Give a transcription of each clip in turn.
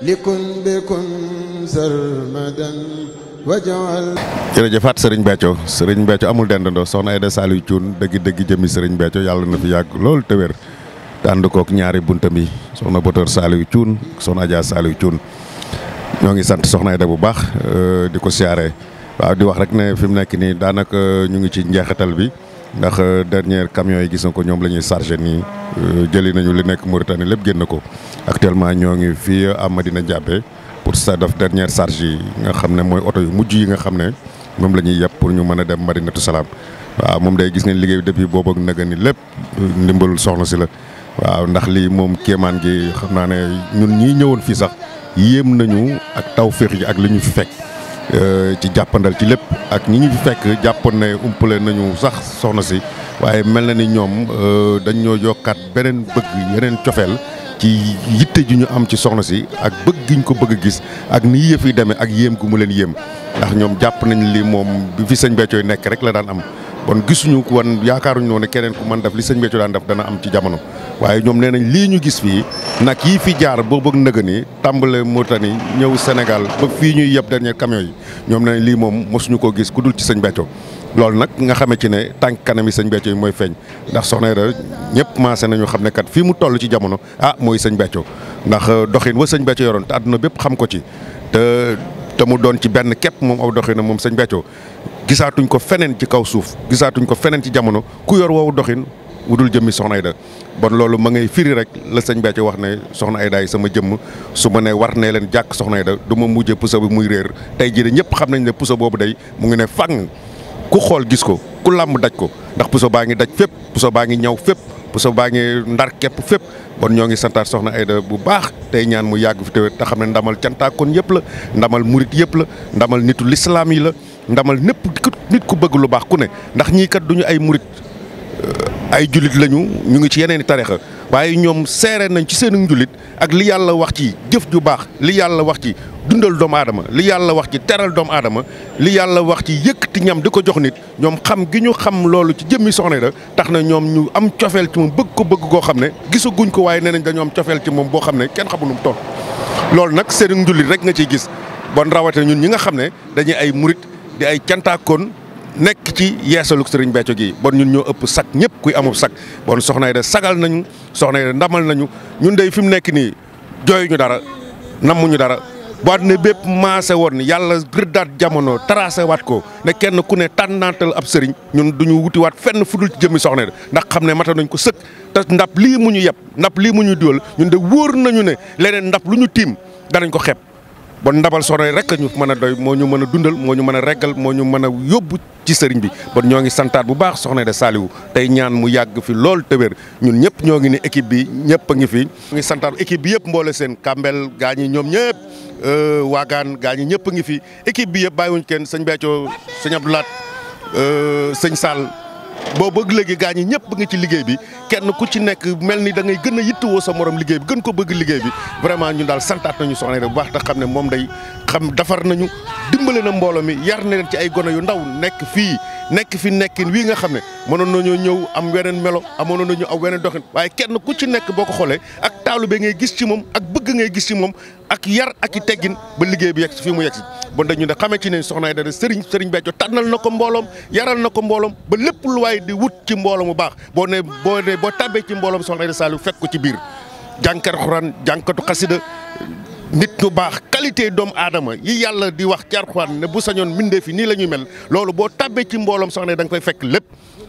likun bikun sarmadan wajal jërëjëfaat sëriñ Béthio sëriñ Béthio amul dendandoo soxna Aïda Saliou Thioune dëgg dëgg jëmi sëriñ Béthio yàlla na fi yàgg lool te wér te ànd kook ñaari buntam yi soxna Botor Saliou Thioune soxna Adja Saliou Thioune ñoo ngi sant soxna Aïda bu baax euh, di ko siyaare waaw di wax rek ne fi mu nekk nii daanaka euh, ñu ngi ci njeexital bi ndax euh, dernier camion yi gis na ko ñoom la ñuy chargé nii Euh, jëli nañu li nekk Mauritanie lépp génn ko actuellement ñoo ngi fii à Madina Diabé pour sa def dernière charge yi nga xam ne mooy oto yu mujj yi nga xam ne moom la ñuy yàpp pour ñu mën a dem Madinatu Salaam waaw moom day gis ngeen liggéey depuis boobu ak naga ni lépp ndimbalul soxna si la waaw ndax lii moom kéemaan gi xam naa ne ñun ñii ñëwoon fii sax yéem nañu ak tawféex ji ak li ñu fi fekk Euh, ci jàppandal ci lépp ak ñi ñu fekk jàppoon ne umpale nañu sax soxna si waaye mel na ni ñoom euh, dañ ñoo yokkaat beneen bëgg yeneen cofeel ci yitte ju ñu am ci soxna si ak bëgg gi ñu ko bëgg a gis ak ni yëf yi demee ak yéem gu mu leen yéem ndax ñoom jàpp nañ li moom bi fi sëñ Béthio nekk rek la daan am. kon gisuñu ko wan yaakaaruñu woon ne keneen ku mën def li sëñ Béthio daan def dana am ci jamono waaye ñoom nee nañ lii ñu gis fii nag yii fi jaar boo bëgg nëgë ni tàmbale Mauritanie ñëw Sénégal ba fii ñuy yeb dernier camion yi ñoom nee lii moom mosuñu koo gis ku dul ci sëñ Béthio loolu nag nga xamee ci ne tànk kanam yi sëñ Béthio yi mooy feeñ ndax soxna da ñëpp maase nañu xam ne kat fii mu toll ci jamono ah mooy sëñ Béthio ndax euh, doxin wa sëñ Béthio yoroon te àdduna bépp xam ko ci te te mu doon ci benn képp moom aw doxinam moom sëñ gisaatuñ ko feneen ci kaw suuf gisaatuñ ko feneen ci jamono ku yor woowu doxin wu dul jëmmi soxna Aida bon loolu ma ngay firi rek la sëñ Béthio wax ne soxna Aida yi sama jëmm su ma ne war nee leen jàkk soxna Aida du ma mujjee puso bi muy réer tey jii de ñëpp xam nañ ne puso boobu day mu ngi ne fang ku xool gis ko ku làmb daj ko ndax puso baa ngi daj fépp puso baa ngi ñaw fépp puso baa ngi ndar képp fépp bon ñoo ngi santaat soxna Aida bu baax tey ñaan mu yàgg fi te xam ne ndamal cantaakoon yëpp la ndamal murit yëpp la ndamal nitu lislaam yi la ndamal népp nit ku bëgg lu baax ku ne ndax ñii kat duñu ay murit euh, ay jullit lañu ñu ngi ci yeneen i tarixa waaye ñoom seere nañ ci seen njullit ak li yàlla wax ci jëf ju baax li yàlla wax ci dundal doomu aadama li yàlla wax ci teral doomu aadama li yàlla wax ci yëkkati ñam di ko jox nit ñoom xam gi ñu xam loolu ci jëmmi soxna da tax na ñoom ñu am cofeel ci moom bëgg ko bëgg koo xam ne gisaguñ ko waaye nee nañ dañoo am cofeel ci moom boo xam ne kenn xamul nu loolu nag seen njullit rek nga ciy gis bon rawatina ñun ñi nga xam ne dañuy ay murit di ay cantaakoon nekk ci yeesaluk sëriñ Béthio gi bon ñun ñoo ëpp sag ñëpp kuy amub sag bon soxna yi de sagal nañu soxna yi ndamal nañu ñun dey fi mu nekk nii jooyuñu dara namuñu dara bu àdduna bépp maase woon yàlla rëddaat jamono tracé waat ko ne kenn ku ne tànnaatal ab sëriñ ñun duñu wuti waat fenn fu dul ci jëmmi soxna da ndax xam ne mata nañ ko sëkk te ndap lii mu ñu yeb ndap lii mu ñu diwal ñun de wóor nañu ne leneen ndap lu ñu tiim danañ ko xeeb ba ndabal soxna yi rek ñu mën a doy moo ñu mën a dundal moo ñu mën a reggal moo ñu mën a yóbbu ci sëriñ bi ba ñoo ngi santaat bu baax soxna de saaliwu tey ñaan mu yàgg fi lool te wér ñun ñëpp ñoo ngi ne équipe bi ñëpp a ngi fi. ñoo ngi équipe bi yëpp mboole seen Kambel gaa ñi ñoom ñëpp euh, waagaan gaa ñi ñëpp a ngi fi équipe bi yëpp bàyyiwuñ kenn sëñ Béthio sëñ Abdou euh, sëñ Sall. boo bëgg léegi gaa ñi ñëpp nga ci liggéey bi kenn ku ci nekk mel ni da ngay gën a yittewoo sa morom liggéey bi gën ko bëgg liggéey bi vraiment ñun daal santaat nañu soxna yi bu baax te xam ne moom day xam defar nañu dimbale na mbooloo mi yar na leen ci ay gone yu ndaw nekk fii nekk fi nekkin wii nga xam ne mënoon nañoo ñëw am weneen melo amoon nañu aw weneen doxin waaye kenn ku ci nekk boo ko xoolee ak taalu be ngay gis ci moom ak dëgg ngay gis ci moom ak yar ak i teggin ba liggéey bi yegg si fii mu yegg si bon dañu ne xamee ci ne soxna Aïda Dara sëriñ sëriñ Béthio tànnal na ko mbooloom yaral na ko mbooloom ba lépp lu waaye di wut ci mbooloom bu baax boo ne boo boo tàbbee ci mbooloom soxna Aïda Saliou fekk ko ci biir jànkatu xuraan jànkatu xasida nit ñu baax qualité doomu aadama yi yàlla di wax ci Alxuraan ne bu sañoon mbindee fi nii la ñuy mel loolu boo tàbbee ci mbooloom soxna da nga fay fekk lépp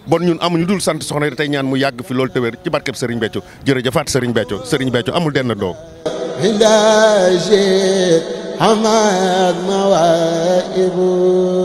bon ñun amuñu dul sant soxna tey ñaan mu yàgg fi loolu te wér ci barkeb Serigne Béthio jërëjëfaat Serigne Béthio Serigne Béthio amul denn doo إلى جيل حماد مواهبه